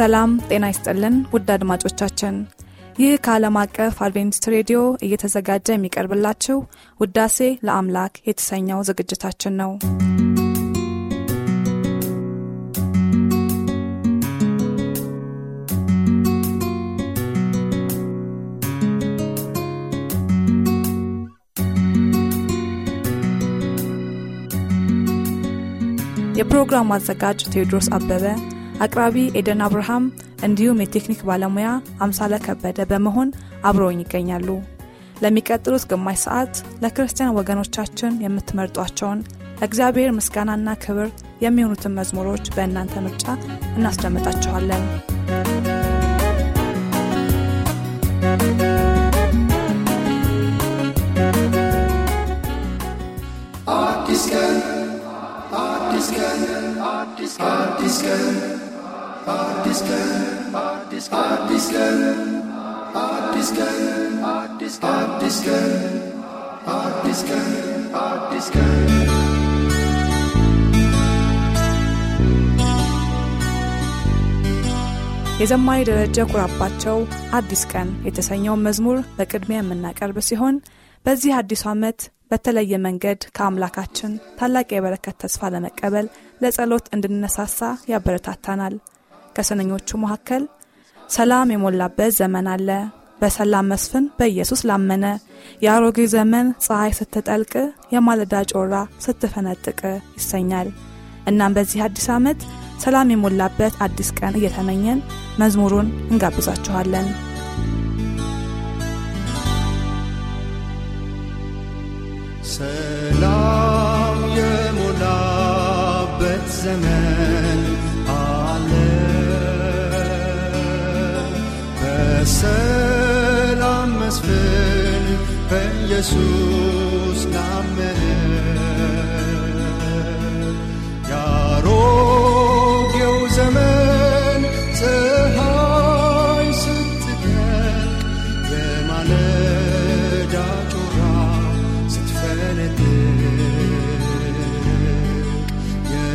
ሰላም ጤና ይስጥልን ውድ አድማጮቻችን ይህ ከዓለም አቀፍ አድቬንቲስት ሬዲዮ እየተዘጋጀ የሚቀርብላችው ውዳሴ ለአምላክ የተሰኘው ዝግጅታችን ነው የፕሮግራሙ አዘጋጅ ቴዎድሮስ አበበ አቅራቢ ኤደን አብርሃም እንዲሁም የቴክኒክ ባለሙያ አምሳለ ከበደ በመሆን አብረውኝ ይገኛሉ። ለሚቀጥሉት ግማሽ ሰዓት ለክርስቲያን ወገኖቻችን የምትመርጧቸውን ለእግዚአብሔር ምስጋናና ክብር የሚሆኑትን መዝሙሮች በእናንተ ምርጫ እናስደምጣችኋለን። አዲስ ቀን አዲስ ቀን አዲስ ቀን የዘማሪ ደረጀ ኩራባቸው አዲስ ቀን የተሰኘውን መዝሙር በቅድሚያ የምናቀርብ ሲሆን በዚህ አዲሱ ዓመት በተለየ መንገድ ከአምላካችን ታላቅ የበረከት ተስፋ ለመቀበል ለጸሎት እንድንነሳሳ ያበረታታናል። ከሰነኞቹ መካከል ሰላም የሞላበት ዘመን አለ በሰላም መስፍን በኢየሱስ ላመነ የአሮጌ ዘመን ፀሐይ ስትጠልቅ የማለዳ ጮራ ስትፈነጥቅ ይሰኛል። እናም በዚህ አዲስ ዓመት ሰላም የሞላበት አዲስ ቀን እየተመኘን መዝሙሩን እንጋብዛችኋለን። ሰላም የሞላበት ዘመን Selam am ben fin pe Jesus name Ya Rob eu zemen Zehai ስትገል የማለዳ ጮራ ስትፈነጥቅ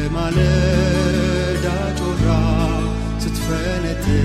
የማለዳ ጮራ ስትፈነጥቅ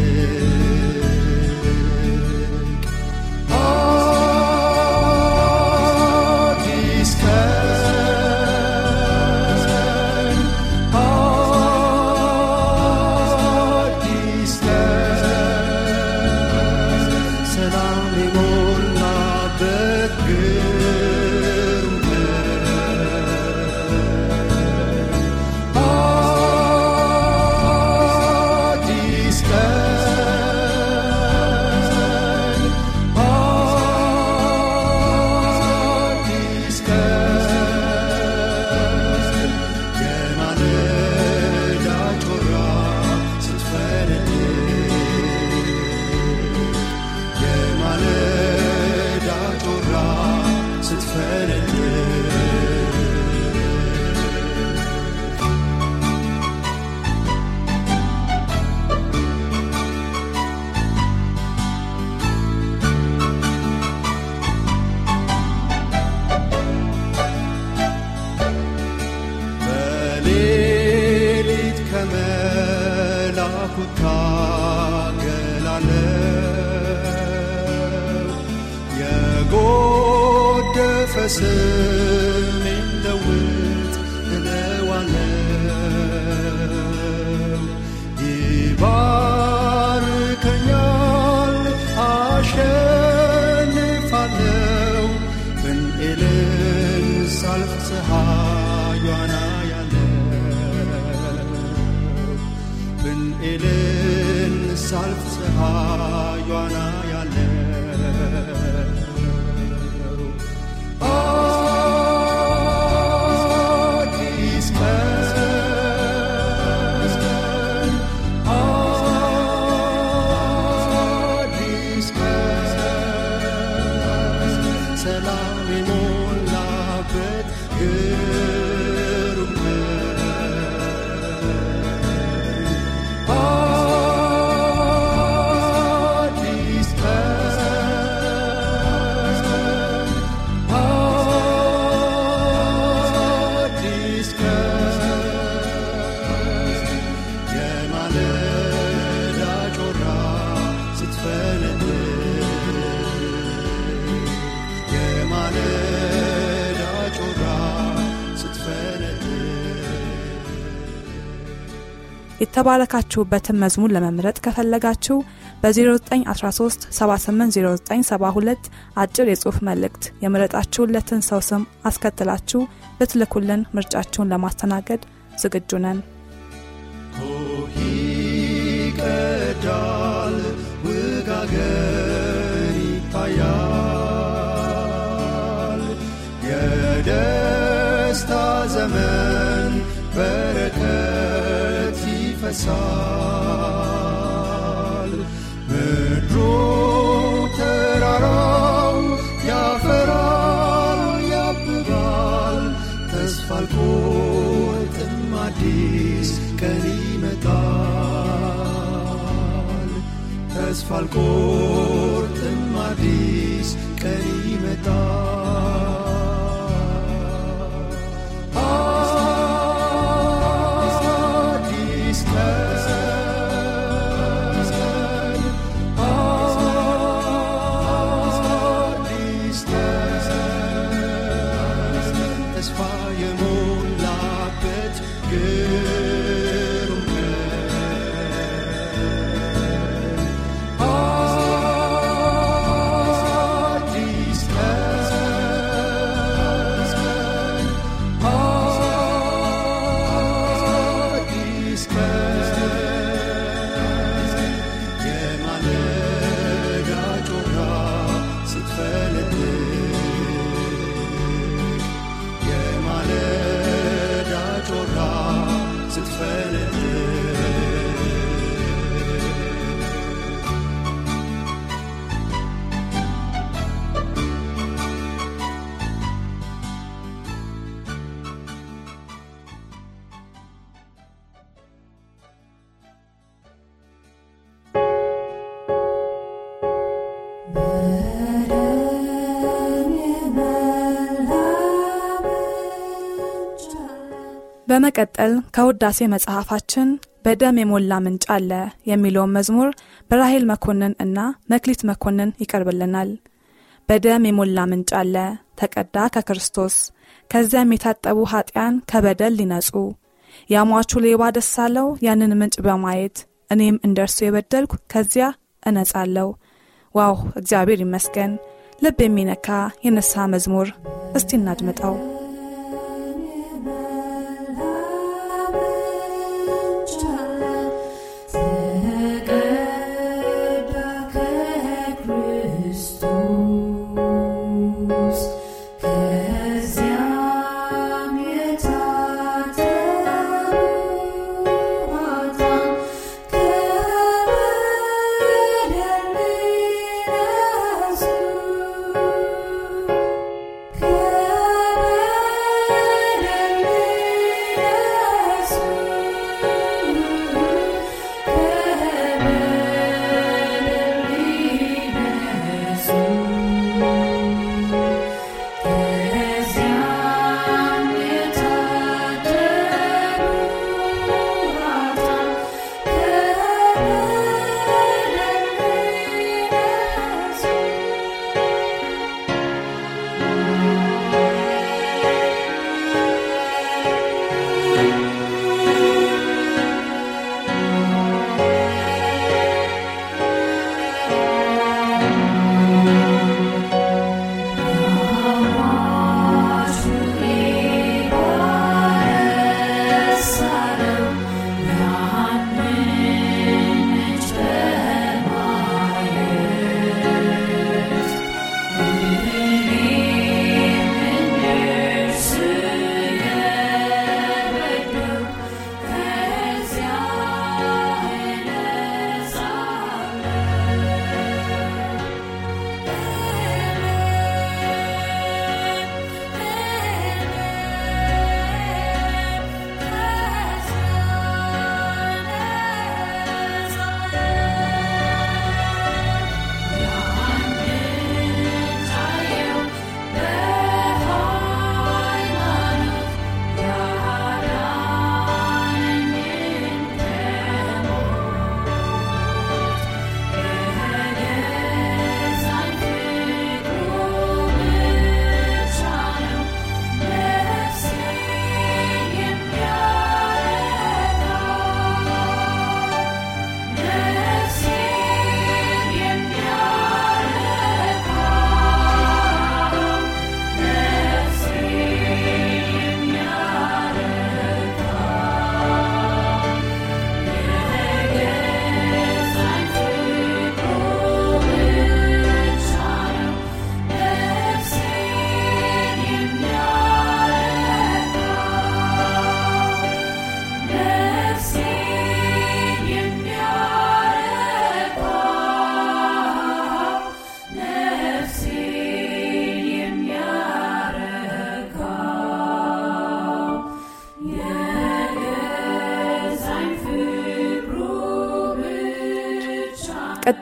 የተባረካችሁበትን መዝሙር ለመምረጥ ከፈለጋችሁ በ0913 780972 አጭር የጽሑፍ መልእክት የምረጣችሁለትን ሰው ስም አስከትላችሁ ብትልኩልን ምርጫችሁን ለማስተናገድ ዝግጁ ነን። ይቀዳል፣ ውጋገን ይታያል። የደስታ ዘመን በረ ይፈሳል። ምድሩ ተራራው ያፈራል ያብባል። ተስፋ አልቆርጥም አዲስ ቀን ይመጣል። ተስፋ አልቆርጥም አዲስ ቀን ይመጣል። በመቀጠል ከውዳሴ መጽሐፋችን በደም የሞላ ምንጭ አለ የሚለውን መዝሙር በራሄል መኮንን እና መክሊት መኮንን ይቀርብልናል። በደም የሞላ ምንጭ አለ ተቀዳ ከክርስቶስ ከዚያም የታጠቡ ኀጢያን ከበደል ሊነጹ ያሟቹ ሌባ ደስ አለው ያንን ምንጭ በማየት እኔም እንደ እርሱ የበደልኩ ከዚያ እነጻለሁ። ዋው! እግዚአብሔር ይመስገን። ልብ የሚነካ የነሳ መዝሙር። እስቲ እናድምጠው።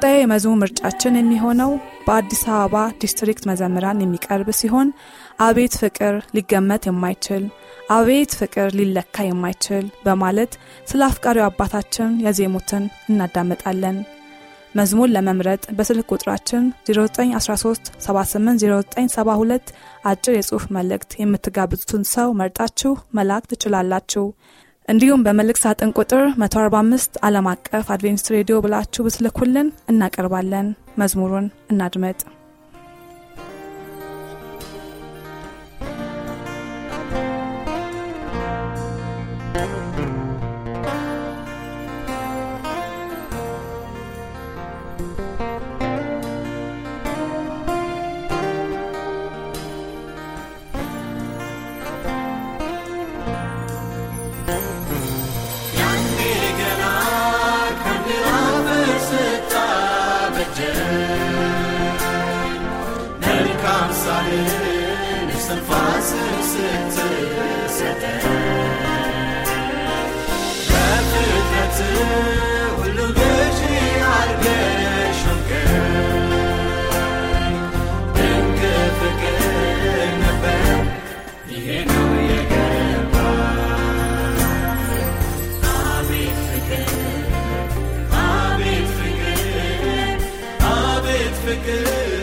ቀጣዩ የመዝሙር ምርጫችን የሚሆነው በአዲስ አበባ ዲስትሪክት መዘምራን የሚቀርብ ሲሆን አቤት ፍቅር ሊገመት የማይችል አቤት ፍቅር ሊለካ የማይችል በማለት ስለ አፍቃሪው አባታችን ያዜሙትን እናዳምጣለን። መዝሙር ለመምረጥ በስልክ ቁጥራችን 0913780972 አጭር የጽሑፍ መልእክት የምትጋብዙትን ሰው መርጣችሁ መላክ ትችላላችሁ። እንዲሁም በመልእክት ሳጥን ቁጥር 145 ዓለም አቀፍ አድቬንቲስት ሬዲዮ ብላችሁ ብትልኩልን እናቀርባለን። መዝሙሩን እናድመጥ። fe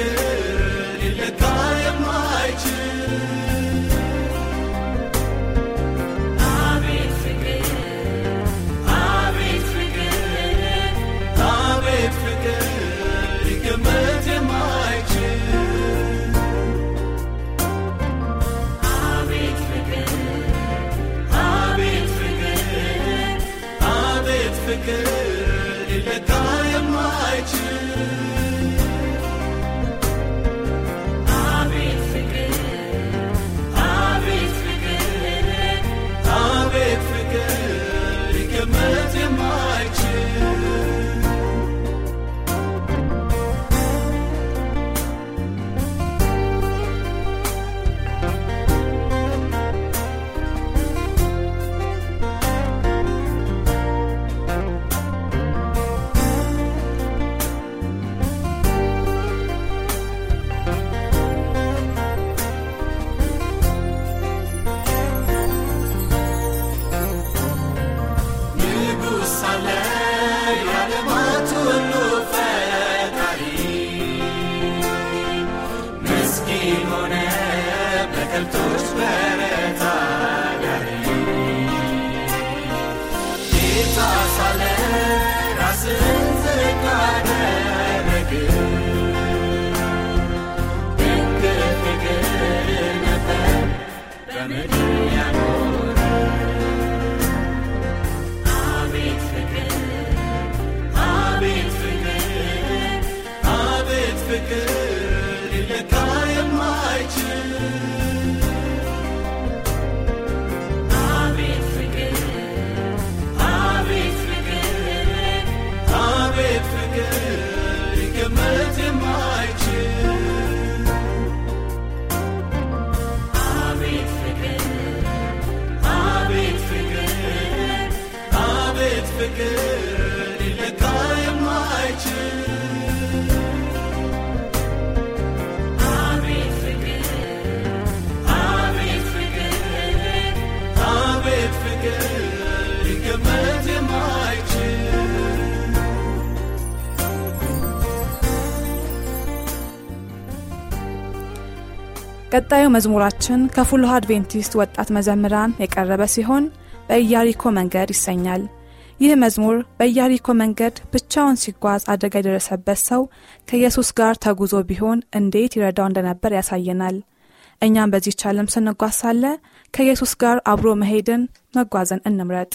in the car. ቀጣዩ መዝሙራችን ከፉሉሃ አድቬንቲስት ወጣት መዘምራን የቀረበ ሲሆን በኢያሪኮ መንገድ ይሰኛል። ይህ መዝሙር በኢያሪኮ መንገድ ብቻውን ሲጓዝ አደጋ የደረሰበት ሰው ከኢየሱስ ጋር ተጉዞ ቢሆን እንዴት ይረዳው እንደነበር ያሳየናል። እኛም በዚህ ቻለም ስንጓሳለ ከኢየሱስ ጋር አብሮ መሄድን መጓዝን እንምረጥ።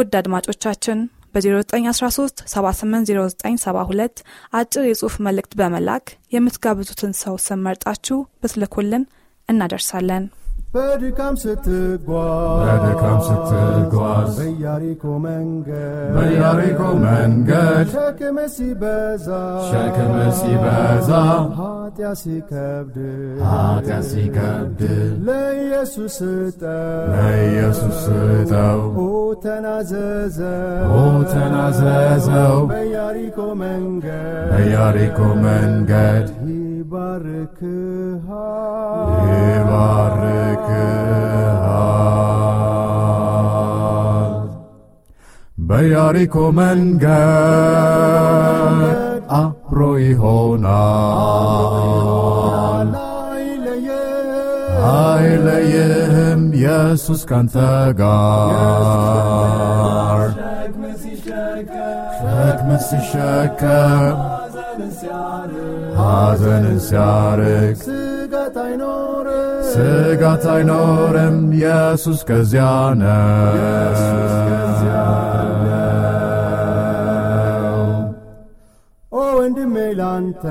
ውድ አድማጮቻችን በ0913 አጭር የጽሑፍ መልእክት በመላክ የምትጋብዙትን ሰው ስም መርጣችሁ ብትልኩልን እናደርሳለን። በድካም ስትጓዝ በድካም ስትጓዝ በያሪኮ መንገድ በያሪኮ መንገድ ሸክም ሲበዛ ሸክም ሲበዛ ኃጢያ ሲከብድ ኃጢያ ሲከብድ ለኢየሱስ ስጠው ለኢየሱስ ስጠው ኦ ተናዘዘው ኦ ተናዘዘው በያሪኮ መንገድ በያሪኮ መንገድ ይባርክሃል ይባርክሃል በያሪኮ መንገድ አብሮ ይሆናል አይለይህም ኢየሱስ ካንተ ጋር ሸክም ሲሸከም ሐዘንን ሲያርግ ስጋት አይኖርም ስጋት አይኖርም ኢየሱስ ከዚያ ነው ላንተ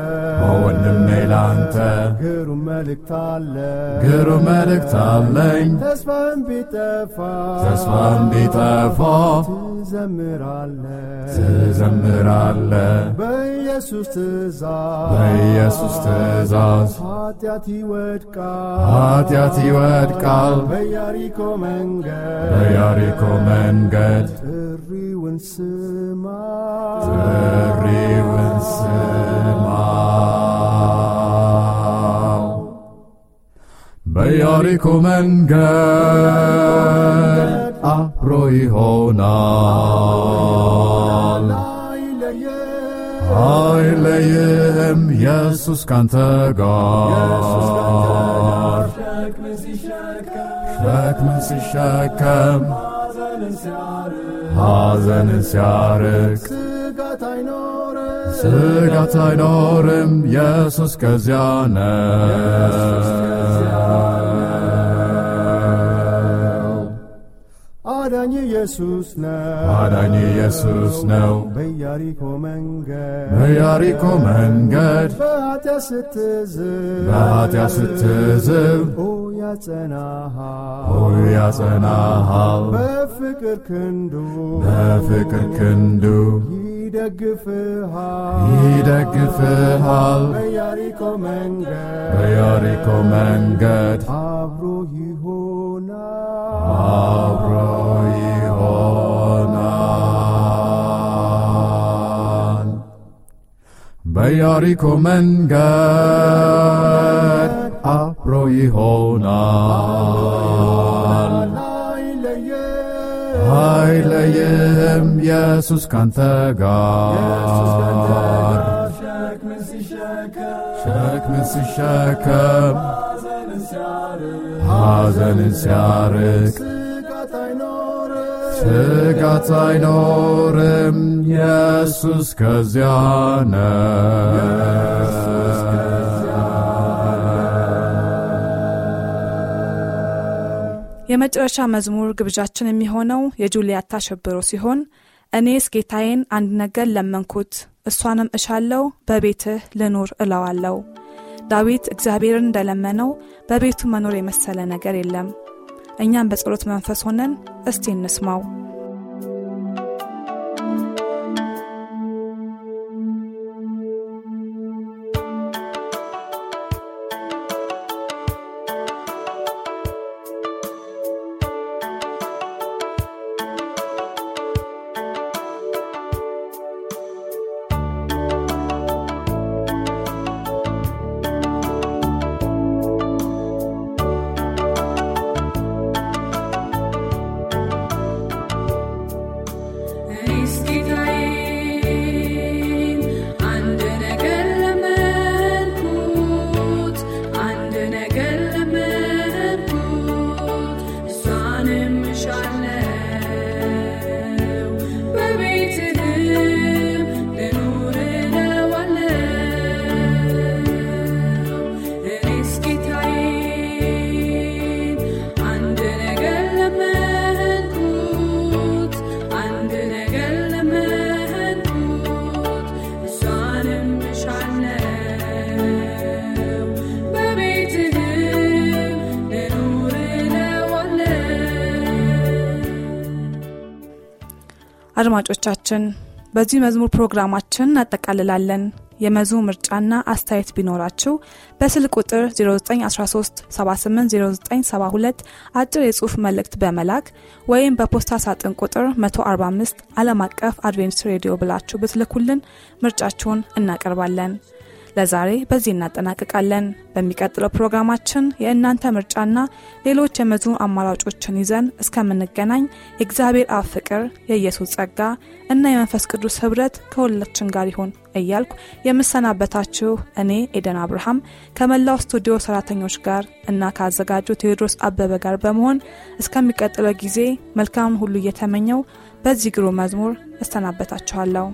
ወንድሜ ላንተ ግሩም መልእክት አለ ግሩም መልእክት አለኝ ተስፋም ቢጠፋ ተስፋም ቢጠፋ ትዘምራለ ትዘምራለ በኢየሱስ ትእዛዝ በኢየሱስ ትእዛዝ ኃጢአት ይወድቃል ኃጢአት ይወድቃል በያሪኮ መንገድ በያሪኮ መንገድ ጥሪ Bayarikum engel Ahroi honal Aileyem Yesus kantegar Shekmesi shekem Shekmesi shekem Mazen isyan ሐዘን ሲያርቅ ስጋት አይኖርም። ኢየሱስ ከዚያ ነው። አዳኝ ኢየሱስ ነው። አዳኝ ኢየሱስ ነው። በያሪኮ መንገድ በያሪኮ መንገድ በኃጢያ ስትዝብ በኃጢያ ስትዝብ ያጸናሃል ያጸናሃል በፍቅር ክንዱ በፍቅር ክንዱ ይደግፍሃል ይደግፍሃል በያሪኮ መንገድ በያሪኮ መንገድ አብሮ ይሆናል አብሮ ይሆናል በያሪኮ መንገድ ሮ ይሆናል አይለይም ኢየሱስ ካንተ ጋር ሸክምን ሲሸከም ሐዘንን ሲያርቅ ስጋት አይኖርም ኢየሱስ ከዚያ ነው የመጨረሻ መዝሙር ግብዣችን የሚሆነው የጁልያታ ሽብሮ ሲሆን እኔስ ጌታዬን አንድ ነገር ለመንኩት እሷንም እሻለው በቤትህ ልኑር እለዋለው ዳዊት እግዚአብሔርን እንደለመነው በቤቱ መኖር የመሰለ ነገር የለም እኛም በጸሎት መንፈስ ሆነን እስቲ እንስማው አድማጮቻችን በዚህ መዝሙር ፕሮግራማችን እናጠቃልላለን። የመዝሙር ምርጫና አስተያየት ቢኖራችሁ በስልክ ቁጥር 0913 780972 አጭር የጽሑፍ መልእክት በመላክ ወይም በፖስታ ሳጥን ቁጥር 145 ዓለም አቀፍ አድቬንስ ሬዲዮ ብላችሁ ብትልኩልን ምርጫችሁን እናቀርባለን። ለዛሬ በዚህ እናጠናቅቃለን። በሚቀጥለው ፕሮግራማችን የእናንተ ምርጫና ሌሎች የመዝሙር አማራጮችን ይዘን እስከምንገናኝ የእግዚአብሔር አብ ፍቅር፣ የኢየሱስ ጸጋ እና የመንፈስ ቅዱስ ኅብረት ከሁላችን ጋር ይሁን እያልኩ የምሰናበታችሁ እኔ ኤደን አብርሃም ከመላው ስቱዲዮ ሰራተኞች ጋር እና ከአዘጋጁ ቴዎድሮስ አበበ ጋር በመሆን እስከሚቀጥለው ጊዜ መልካም ሁሉ እየተመኘው በዚህ ግሩም መዝሙር እሰናበታችኋለሁ።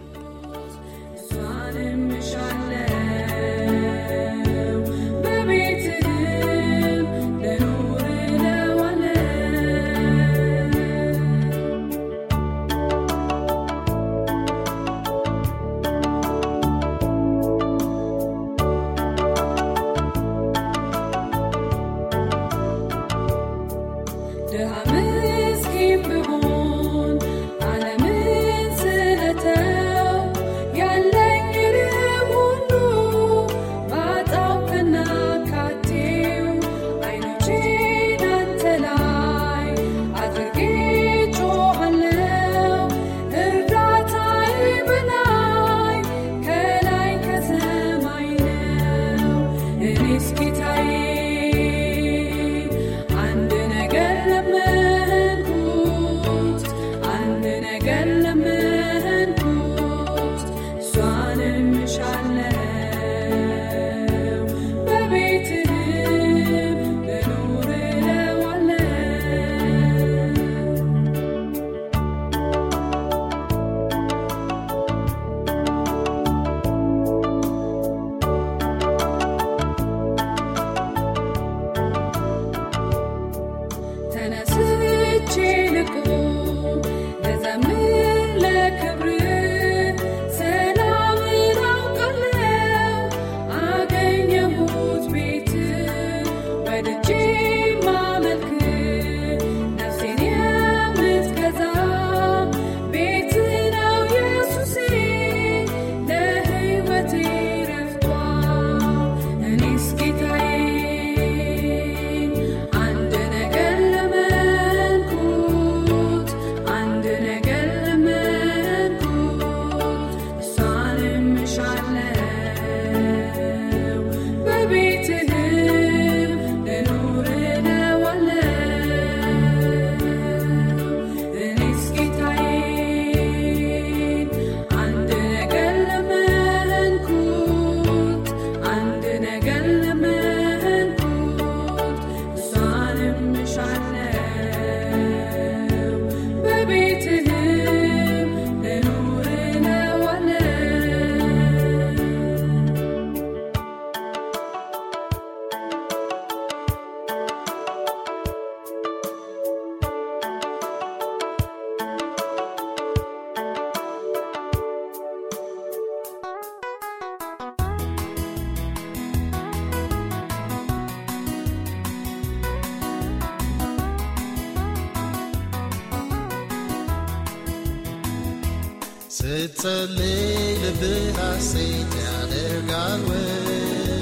ስትጸልይ ልብህ ሐሴት ያደርጋል ወይ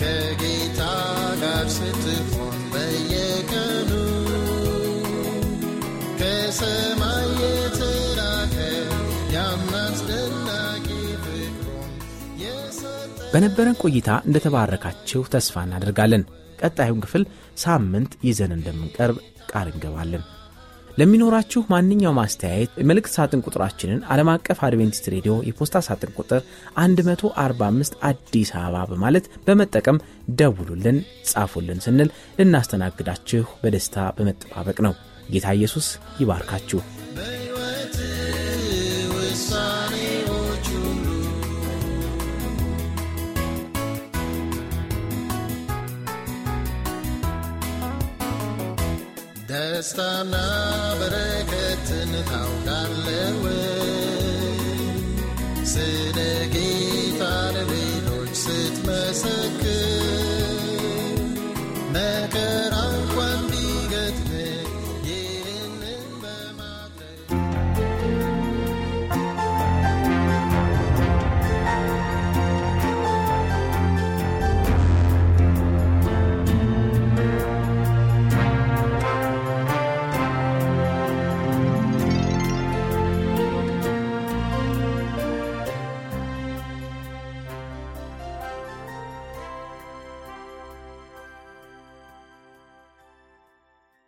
ከጌታ ጋር ስትሆን በየቀኑ ከሰማይ በነበረን ቆይታ እንደተባረካችሁ ተስፋ እናደርጋለን። ቀጣዩን ክፍል ሳምንት ይዘን እንደምንቀርብ ቃል እንገባለን። ለሚኖራችሁ ማንኛውም አስተያየት መልእክት ሳጥን ቁጥራችንን ዓለም አቀፍ አድቬንቲስት ሬዲዮ የፖስታ ሳጥን ቁጥር 145 አዲስ አበባ በማለት በመጠቀም ደውሉልን፣ ጻፉልን ስንል ልናስተናግዳችሁ በደስታ በመጠባበቅ ነው። ጌታ ኢየሱስ ይባርካችሁ። ደስታና በረከትን ታውቃለህ ስለ ጌታ